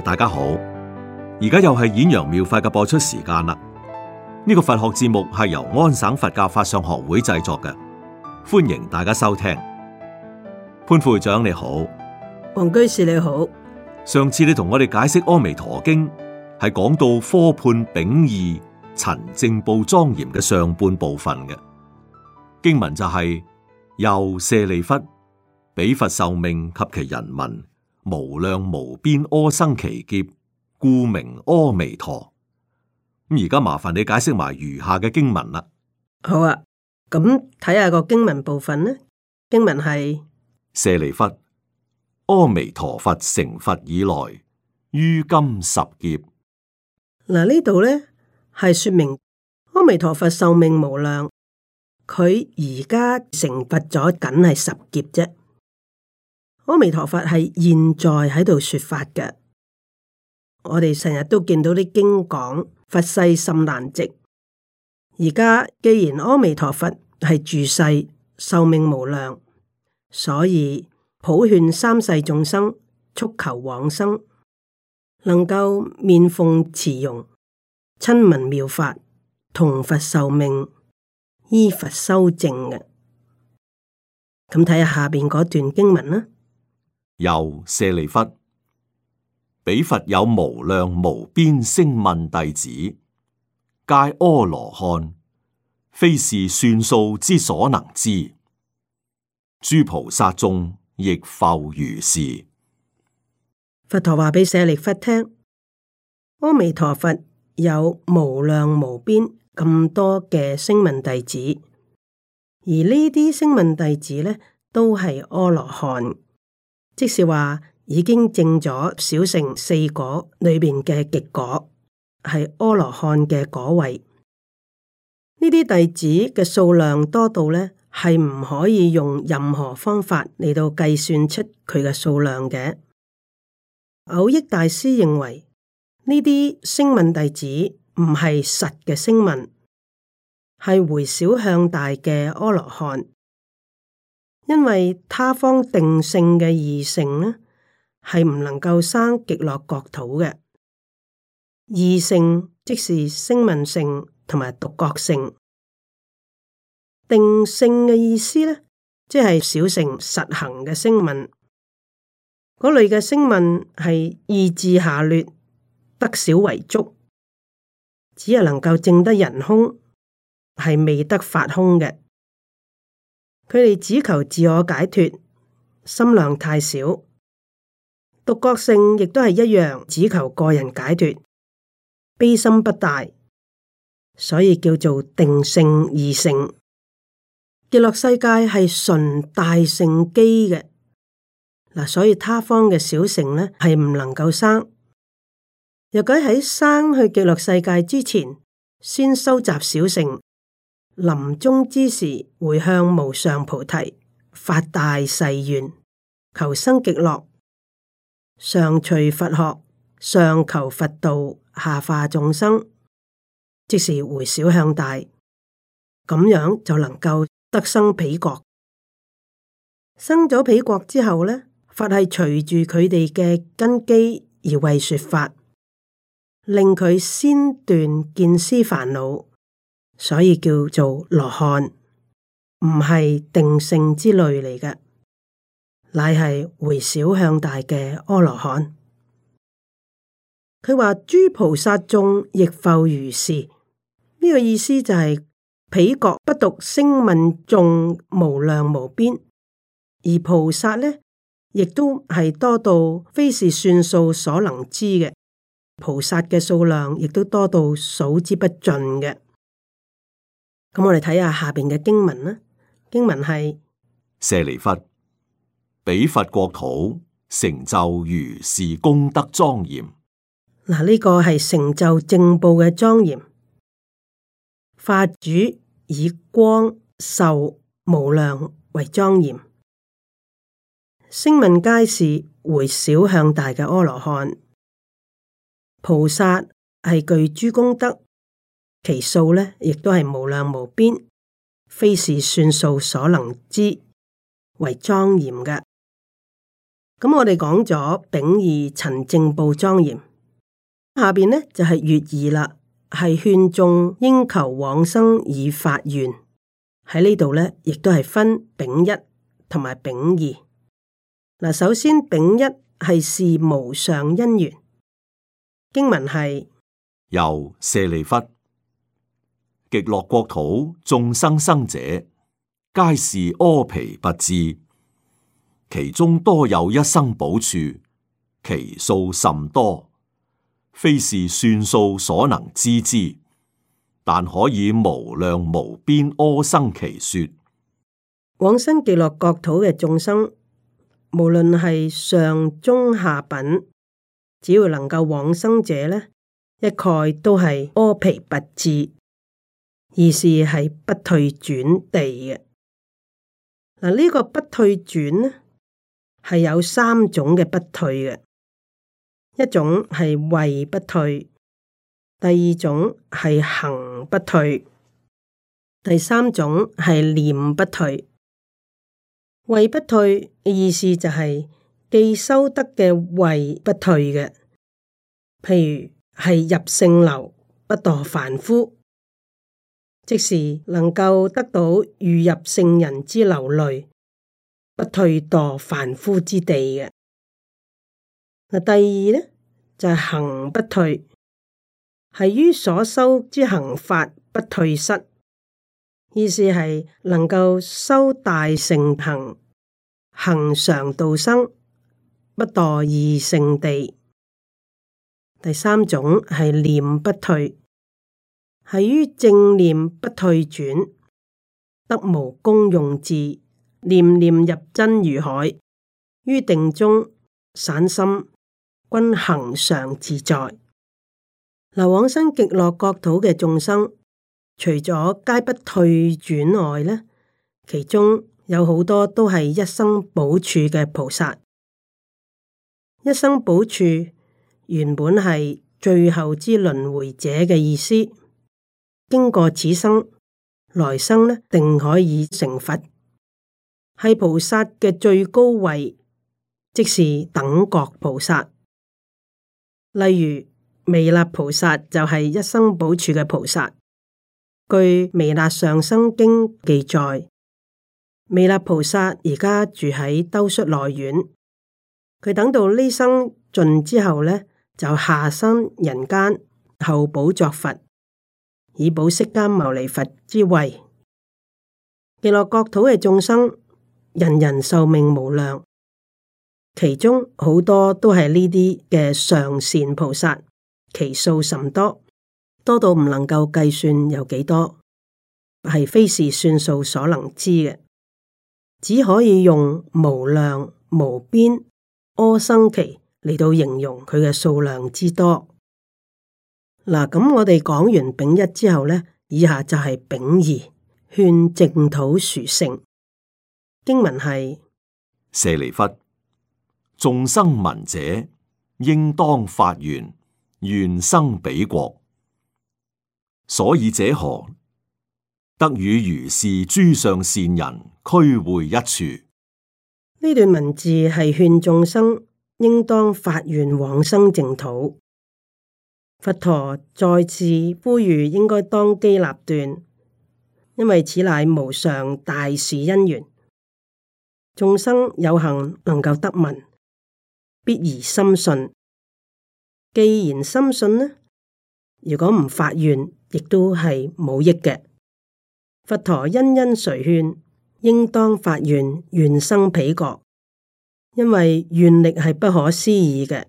大家好，而家又係演揚妙，妙法嘅播出時間啦。呢、這個佛學節目係由安省佛教法上學會製作嘅，歡迎大家收聽。潘副會長你好，黃居士你好。上次你同我哋解釋《阿彌陀經》，係講到科判丙二陳正報莊嚴嘅上半部分嘅經文就係、是、又舍利弗彼佛壽命及其人民。無量無邊阿生其劫，故名阿彌陀。咁而家麻煩你解釋埋餘下嘅經文啦。好啊，咁、嗯、睇下個經文部分啦。經文係：舍利弗，阿彌陀佛成佛以來，於今十劫。嗱呢度咧係說明阿彌陀佛壽命無量，佢而家成佛咗，僅係十劫啫。阿彌陀佛係現在喺度說法嘅，我哋成日都見到啲經講「佛世甚難值」，而家既然阿彌陀佛係住世，壽命無量，所以普勸三世眾生速求往生，能夠面奉慈容，親聞妙法，同佛壽命，依佛修正嘅。咁睇下下邊嗰段經文啦。又舍利弗，彼佛有無量無邊聲聞弟子，皆阿羅漢，非是算數之所能知。諸菩薩眾亦復如是。佛陀話俾舍利弗聽：阿彌陀佛有無量無邊咁多嘅聲聞弟子，而呢啲聲聞弟子呢，都係阿羅漢。即是話，已經證咗小乘四果裏邊嘅極果，係阿羅漢嘅果位。呢啲弟子嘅數量多到呢係唔可以用任何方法嚟到計算出佢嘅數量嘅。藕益大師認為呢啲聲聞弟子唔係實嘅聲聞，係回小向大嘅阿羅漢。因為他方定性嘅異性呢，係唔能夠生極樂國土嘅異性，即是聲聞性同埋獨覺性。定性嘅意思呢，即係小乘實行嘅聲聞，嗰類嘅聲聞係意志下劣，得少為足，只係能夠證得人空，係未得法空嘅。佢哋只求自我解脫，心量太少；獨覺性亦都係一樣，只求個人解脫，悲心不大，所以叫做定性二乘。極樂世界係純大乘機嘅，嗱，所以他方嘅小乘咧係唔能夠生。若果喺生去極樂世界之前，先收集小乘。臨終之時，回向無上菩提，發大誓願，求生極樂，上隨佛學，上求佛道，下化眾生，即是回小向大，咁樣就能夠得生彼國。生咗彼國之後呢，佛係隨住佢哋嘅根基而為說法，令佢先斷見思煩惱。所以叫做羅漢，唔係定性之類嚟嘅，乃係回小向大嘅阿羅漢。佢話諸菩薩眾亦復如是，呢、這個意思就係、是、彼國不獨聲聞眾無量無邊，而菩薩呢亦都係多到非是算數所能知嘅，菩薩嘅數量亦都多到數之不盡嘅。咁我哋睇下下邊嘅經文啦，經文係舍利弗，彼佛國土成就如是功德莊嚴。嗱，呢個係成就正報嘅莊嚴，法主以光壽無量為莊嚴。聲聞皆是回小向大嘅阿羅漢，菩薩係具諸功德。其數咧，亦都係無量無邊，非是算數所能知，為莊嚴嘅。咁、嗯、我哋講咗丙二陳正報莊嚴，下邊呢就係乙二啦，係勸眾應求往生以發願。喺呢度咧，亦都係分丙一同埋丙二。嗱，首先丙一係事無上因緣，經文係由舍利弗。極樂國土眾生生者，皆是阿鞞跋致。其中多有一生補處，其數甚多，非是算數所能知之，但可以無量無邊阿僧祇說。往生極樂國土嘅眾生，無論係上中下品，只要能夠往生者咧，一概都係阿鞞跋致。意思係不退轉地嘅。嗱，呢個不退轉呢，係有三種嘅不退嘅，一種係慧不退，第二種係行不退，第三種係念不退。慧不退嘅意思就係既修得嘅慧不退嘅，譬如係入聖流，不墮凡夫。即是能夠得到預入聖人之流類，不退墮凡夫之地嘅。第二呢，就係、是、行不退，係於所修之行法不退失，意思係能夠修大乘行行常道生，不墮二乘地。第三種係念不退。係於正念不退轉，得無功用智，念念入真如海。於定中散心，均恒常自在。嗱，往生極樂國土嘅眾生，除咗皆不退轉外，呢其中有好多都係一生補處嘅菩薩。一生補處原本係最後之輪回者嘅意思。經過此生來生呢，定可以成佛，係菩薩嘅最高位，即是等覺菩薩。例如彌勒菩薩就係一生補處嘅菩薩。據《彌勒上生經》記載，彌勒菩薩而家住喺兜率內院，佢等到呢生盡之後呢，就下生人間，後補作佛。以補釋迦牟尼佛之位，極樂國土嘅眾生，人人壽命無量，其中好多都係呢啲嘅上善菩薩，其數甚多，多到唔能夠計算有幾多，係非是算數所能知嘅，只可以用無量無邊阿僧祇嚟到形容佢嘅數量之多。嗱，咁我哋講完丙一之後呢，以下就係丙二，勸淨土殊勝。經文係舍利弗，眾生聞者應當發願，願生彼國。所以者何？得與如是諸上善人俱會一處。呢段文字係勸眾生應當發願往生淨土。佛陀再次呼籲應該當機立斷，因為此乃無上大事因緣。眾生有幸能夠得聞，必而深信。既然深信呢，如果唔發願，亦都係冇益嘅。佛陀殷殷垂勸，應當發願願生彼國，因為願力係不可思議嘅。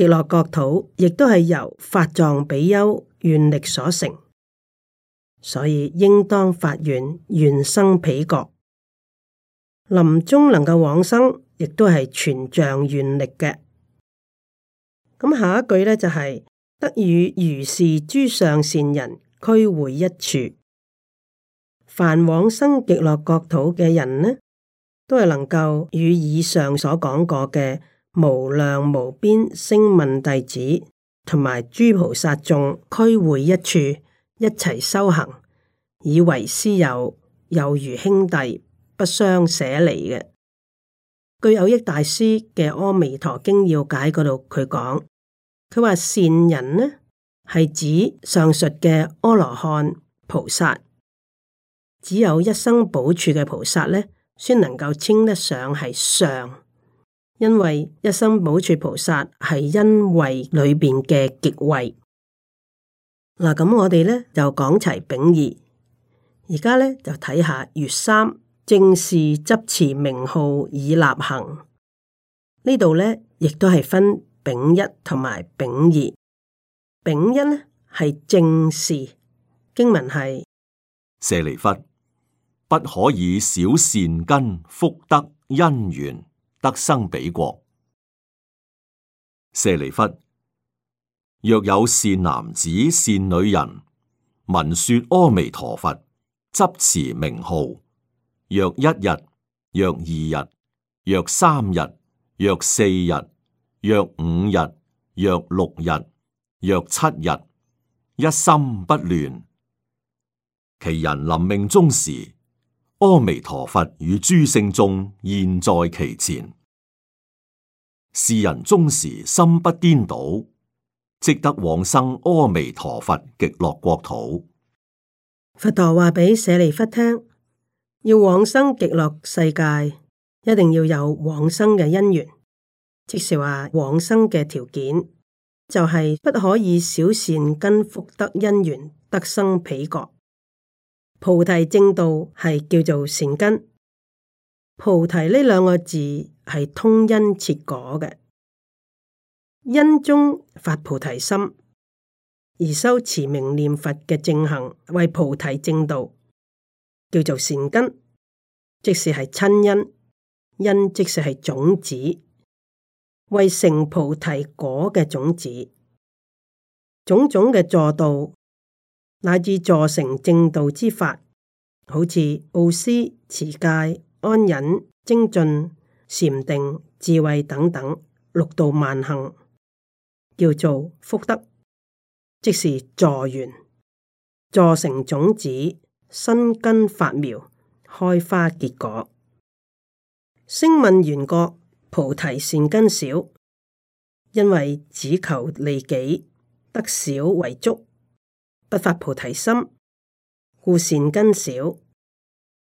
極樂國土亦都係由法藏比丘願力所成，所以應當發願願生彼國。臨終能夠往生，亦都係全仗願力嘅。咁下一句呢、就是，就係得與如是諸上善人俱會一處。凡往生極樂國土嘅人呢，都係能夠與以上所講過嘅，無量無邊聲聞弟子同埋諸菩薩眾俱會一處，一齊修行，以為師友，猶如兄弟，不相捨離嘅。據蕅益大師嘅《阿彌陀經要解》嗰度，佢講，佢話善人呢係指上述嘅阿羅漢菩薩，只有一生補處嘅菩薩呢，先能夠稱得上係上。因為一生補處菩薩，係因為裏邊嘅極位。嗱，咁我哋咧就講齊丙二，而家咧就睇下月三正示執持名號以立行。呢度咧亦都係分丙一同埋丙二。丙一咧係正示，經文係舍利弗，不可以少善根福德因緣得生彼國。舍利弗，若有善男子、善女人，聞說阿彌陀佛，執持名號，若一日、若二日、若三日、若四日、若五日、若六日、若七日，七日一心不亂。其人臨命終時。阿彌陀佛與諸聖眾現在其前。是人終時心不顛倒，即得往生阿彌陀佛極樂國土。佛陀話畀舍利弗聽，要往生極樂世界，一定要有往生嘅因緣，即是話往生嘅條件，就係、是、不可以少善根福德因緣得生彼國。菩提正道係叫做善根。菩提呢兩個字係通因切果嘅，因中發菩提心而修持名念佛嘅正行，為菩提正道，叫做善根。即是係親因，因即是係種子，為成菩提果嘅種子，種種嘅助道。乃至助成正道之法，好似布施、持戒、安忍、精進、禪定智慧，等等六度萬行，叫做福德，即是助緣，助成種子生根發苗，開花結果。聲聞緣覺菩提善根少，因為只求利己，得少為足。不發菩提心，故善根少；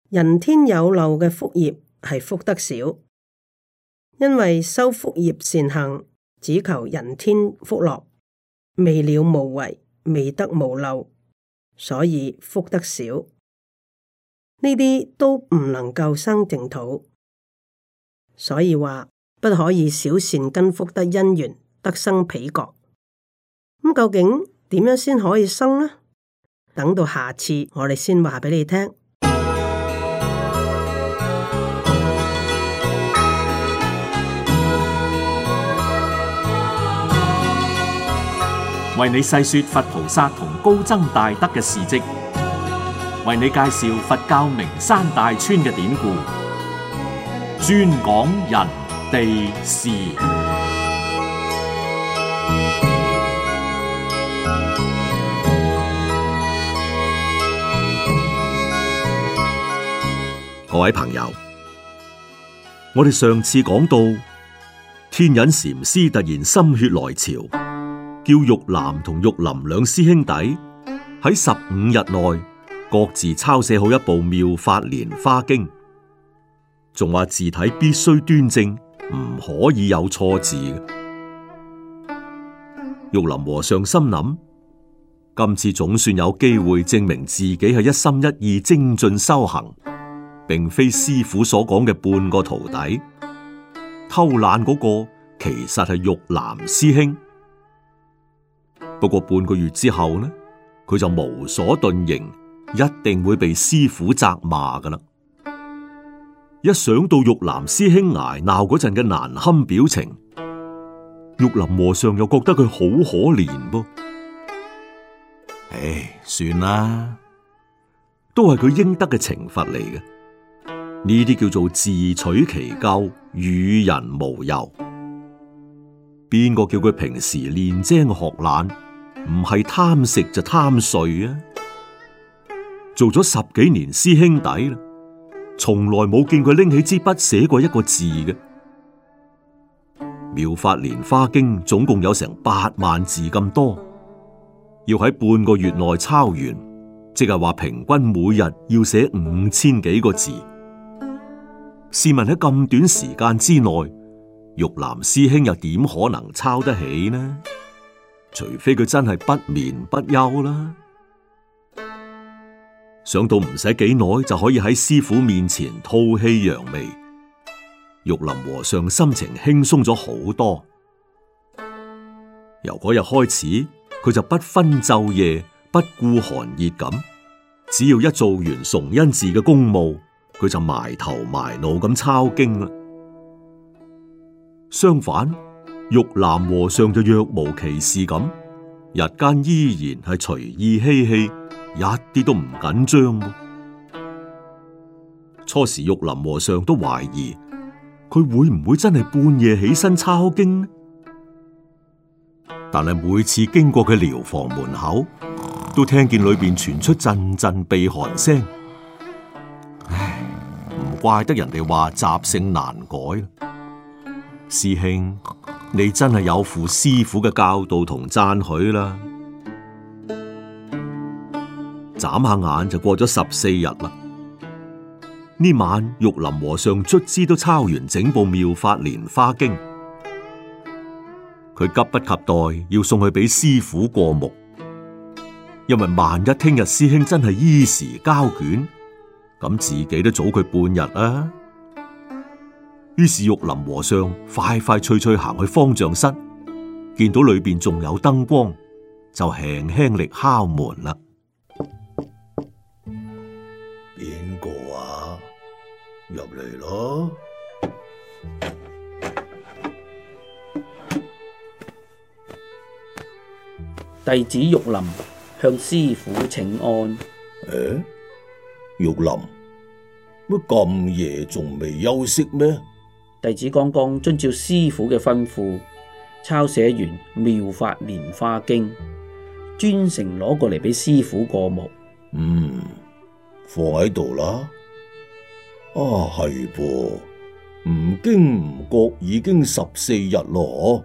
人天有漏嘅福業係福德少，因為修福業善行只求人天福樂，未了無為，未得無漏，所以福德少。呢啲都唔能夠生淨土，所以話不可以少善根福德因緣得生彼國。咁、嗯、究竟點樣先可以生呢？等到下次我哋先話俾你聽。為你細說佛菩薩同高僧大德嘅事蹟，為你介紹佛教名山大川嘅典故，專講人地事。各位朋友，我哋上次講到，天隱禪師突然心血來潮，叫玉南同玉林兩師兄弟喺十五日內各自抄寫好一部《妙法蓮花經》，仲話字體必須端正，唔可以有錯字。玉林和尚心諗，今次總算有機會證明自己係一心一意精進修行。並非師傅所講嘅半個徒弟，偷懶嗰個其實係玉蘭師兄。不過半個月之後呢，佢就無所遁形，一定會被師傅責罵噶啦。一想到玉蘭師兄捱鬧嗰陣嘅難堪表情，玉林和尚又覺得佢好可憐噃。唉，算啦，都係佢應得嘅懲罰嚟嘅。呢啲叫做自取其咎，與人無尤。邊個叫佢平時練精學懶，唔係貪食就貪睡啊？做咗十幾年師兄弟啦，從來冇見佢拎起支筆寫過一個字嘅。妙法蓮花經總共有成八萬字咁多，要喺半個月內抄完，即係話平均每日要寫五千幾個字。試問喺咁短時間之內，玉林師兄又點可能抄得起呢？除非佢真係不眠不休啦。想到唔使幾耐就可以喺師傅面前吐氣揚眉，玉林和尚心情輕鬆咗好多。由嗰日開始，佢就不分晝夜，不顧寒熱，咁只要一做完崇恩寺嘅公務。佢就埋頭埋腦咁抄經啦。相反，玉林和尚就若無其事咁，日間依然係隨意嬉戲，一啲都唔緊張。初時，玉林和尚都懷疑佢會唔會真係半夜起身抄經呢，但係每次經過佢寮房門口，都聽見裏邊傳出陣陣鼻鼾聲。怪得人哋話習性難改，師兄你真係有負師傅嘅教導同讚許啦！眨下眼就過咗十四日啦。呢晚玉林和尚卒之都抄完整部《妙法蓮花經》，佢急不及待要送去畀師傅過目，因為萬一聽日師兄真係依時交卷。咁自己都早佢半日啦。於是玉林和尚快快脆脆行去方丈室，見到裏邊仲有燈光，就輕輕力敲門啦。邊個啊？入嚟咯！弟子玉林向師父請安。誒？玉林乜咁夜仲未休息咩？弟子剛剛遵照師傅嘅吩咐抄寫完《妙法蓮花經》，專程攞過嚟俾師傅過目。嗯，放喺度啦。啊，係噃，唔經唔覺已經十四日咯。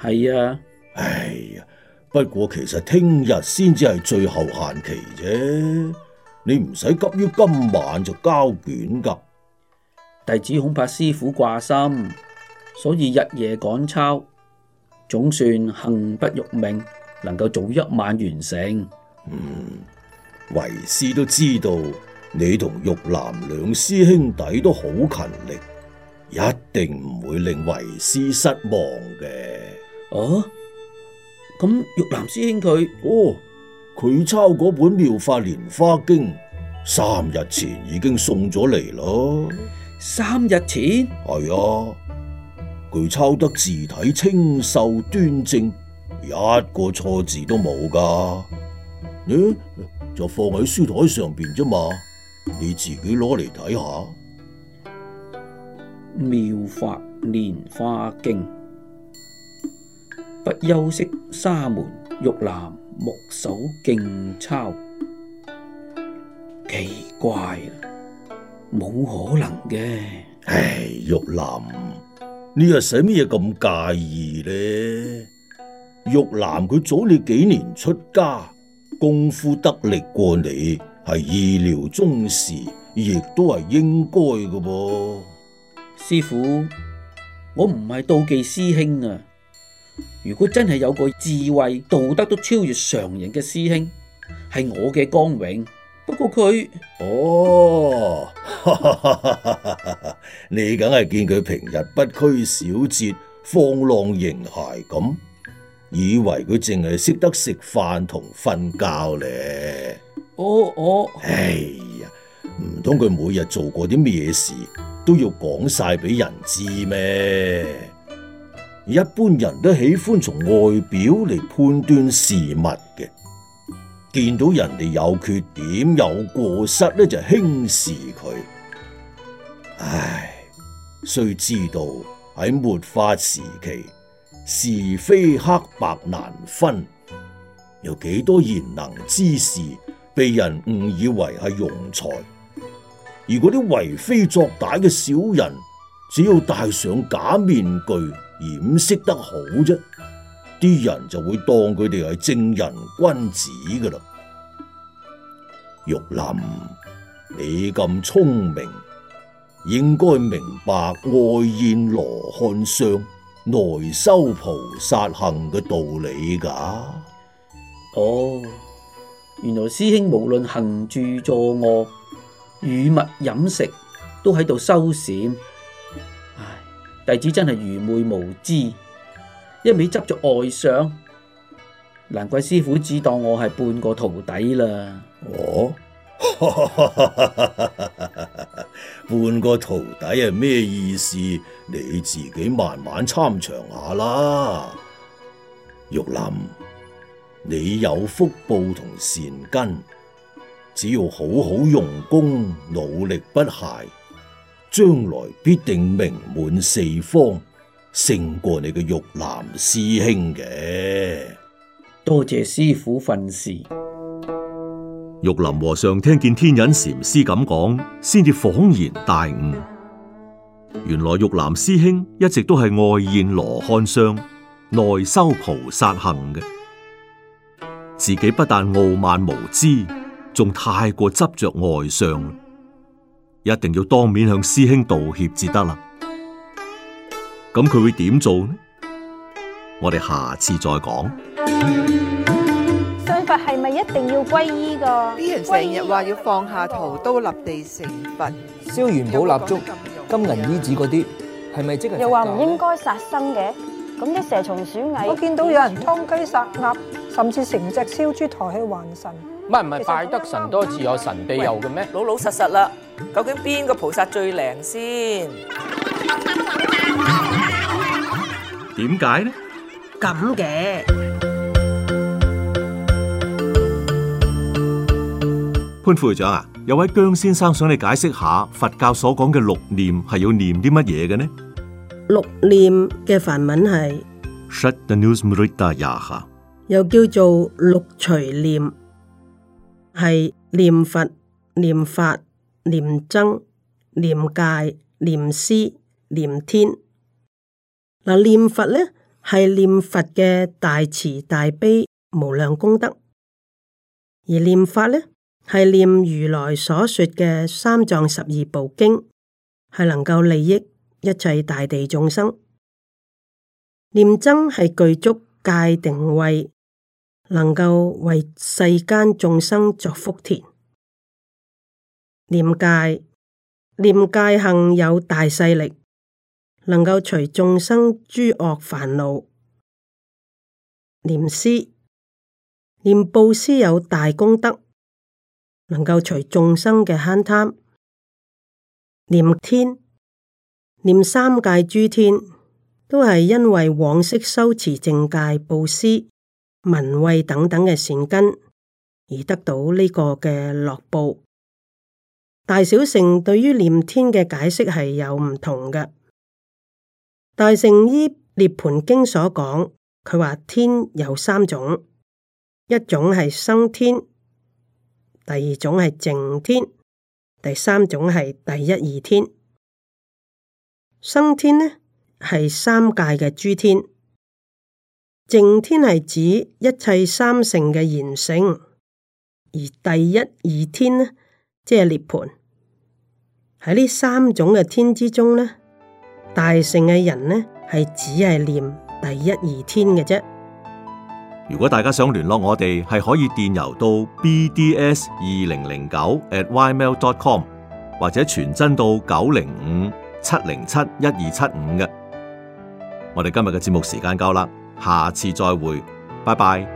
係啊。哎呀，不過其實聽日先至係最後限期啫。你唔使急於今晚就交卷噶弟子恐怕師傅掛心，所以日夜趕抄，總算幸不辱命，能夠早一晚完成。嗯，為師都知道你同玉蘭兩師兄弟都好勤力，一定唔會令為師失望嘅。啊，咁玉蘭師兄佢哦。佢抄嗰本妙法蓮花經，三日前已經送咗嚟咯。三日前？係啊，佢抄得字體清秀端正，一個錯字都冇噶。誒、哎，就放喺書台上邊啫嘛，你自己攞嚟睇下。妙法蓮花經，不休息沙門。玉林木手勁抄，奇怪啊，冇可能嘅。唉、哎，玉林，你又使乜嘢咁介意呢？玉林佢早你幾年出家，功夫得力過你，係意料中事，亦都係應該嘅噃，啊。師父，我唔係妒忌師兄啊。如果真係有個智慧道德都超越常人嘅師兄，係我嘅光榮。不過佢哦，哈哈哈哈，你梗係見佢平日不拘小節、放浪形骸咁，以為佢淨係識得食飯同瞓覺咧？哦哦，哎呀，唔通佢每日做過啲咩事都要講晒俾人知咩？一般人都喜歡從外表嚟判斷事物嘅，見到人哋有缺點、有過失咧，就輕視佢。唉，雖知道喺末法時期是非黑白難分，有幾多賢能之士被人誤以為係庸才，而嗰啲為非作歹嘅小人，只要戴上假面具。掩飾得好啫，啲人就會當佢哋係正人君子噶啦。玉林，你咁聰明，應該明白外現羅漢相，內修菩薩行嘅道理噶。哦，原來師兄無論行住坐臥、茹物飲食，都喺度修善。弟子真係愚昧無知，一味執着外相，難怪師傅只當我係半個徒弟啦。哦， 半個徒弟係咩意思？你自己慢慢參詳下啦。玉林，你有福報同善根，只要好好用功，努力不懈。將來必定名滿四方，勝過你嘅玉林師兄嘅。多謝師父訓示。玉林和尚聽見天隱禪師咁講，先至恍然大悟。原來玉林師兄一直都係外現羅漢相，內修菩薩行嘅。自己不但傲慢無知，仲太過執着外相。一定要當面向師兄道歉至得啦。咁佢會點做呢？我哋下次再講。信佛係咪一定要皈依㗎？呢人成日話要放下屠刀立地成佛，燒元寶蠟燭、金銀衣紙嗰啲，係咪、嗯、即係？又話唔應該殺生嘅。咁啲蛇蟲鼠蟻，我見到有人放雞殺鴨，甚至成隻燒豬抬去還神。唔係唔係，拜得神多自有神庇佑嘅咩？喂老老實實啦。究竟邊個菩薩最靈先？點解呢？咁嘅潘副隊長啊，有位姜先生想你解釋下佛教所講嘅六念係要念啲乜嘢嘅呢？六念嘅梵文係，又叫做六隨念，係念佛、念法，念僧、念戒、念施、念天，念佛呢，係念佛嘅大慈大悲無量功德，而念法呢，係念如來所說嘅三藏十二部經，係能夠利益一切大地眾生。念僧係具足戒定慧，能夠為世間眾生作福田。念戒，念戒行有大勢力，能夠除眾生諸惡煩惱；念施，念布施有大功德，能夠除眾生嘅慳貪；念天，念三界諸天，都係因為往昔修持正戒、布施、聞慧等等嘅善根，而得到呢個嘅樂報。大小乘對於念天嘅解釋係有唔同嘅。大乘依涅盤經所講，佢話天有三種，一種係生天，第二種係淨天，第三種係第一二天。生天呢係三界嘅諸天，淨天係指一切三乘嘅賢聖，而第一二天呢？即係涅槃，喺呢三種嘅天之中咧，大聖嘅人咧係只係念第一二天嘅啫。如果大家想聯絡我哋，係可以電郵到 bds 二零零九 @ymail.com 或者傳真到九零五七零七一二七五嘅。我哋今日嘅節目時間夠啦，下次再會，拜拜。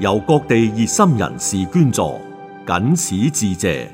由各地熱心人士捐助，謹此致謝。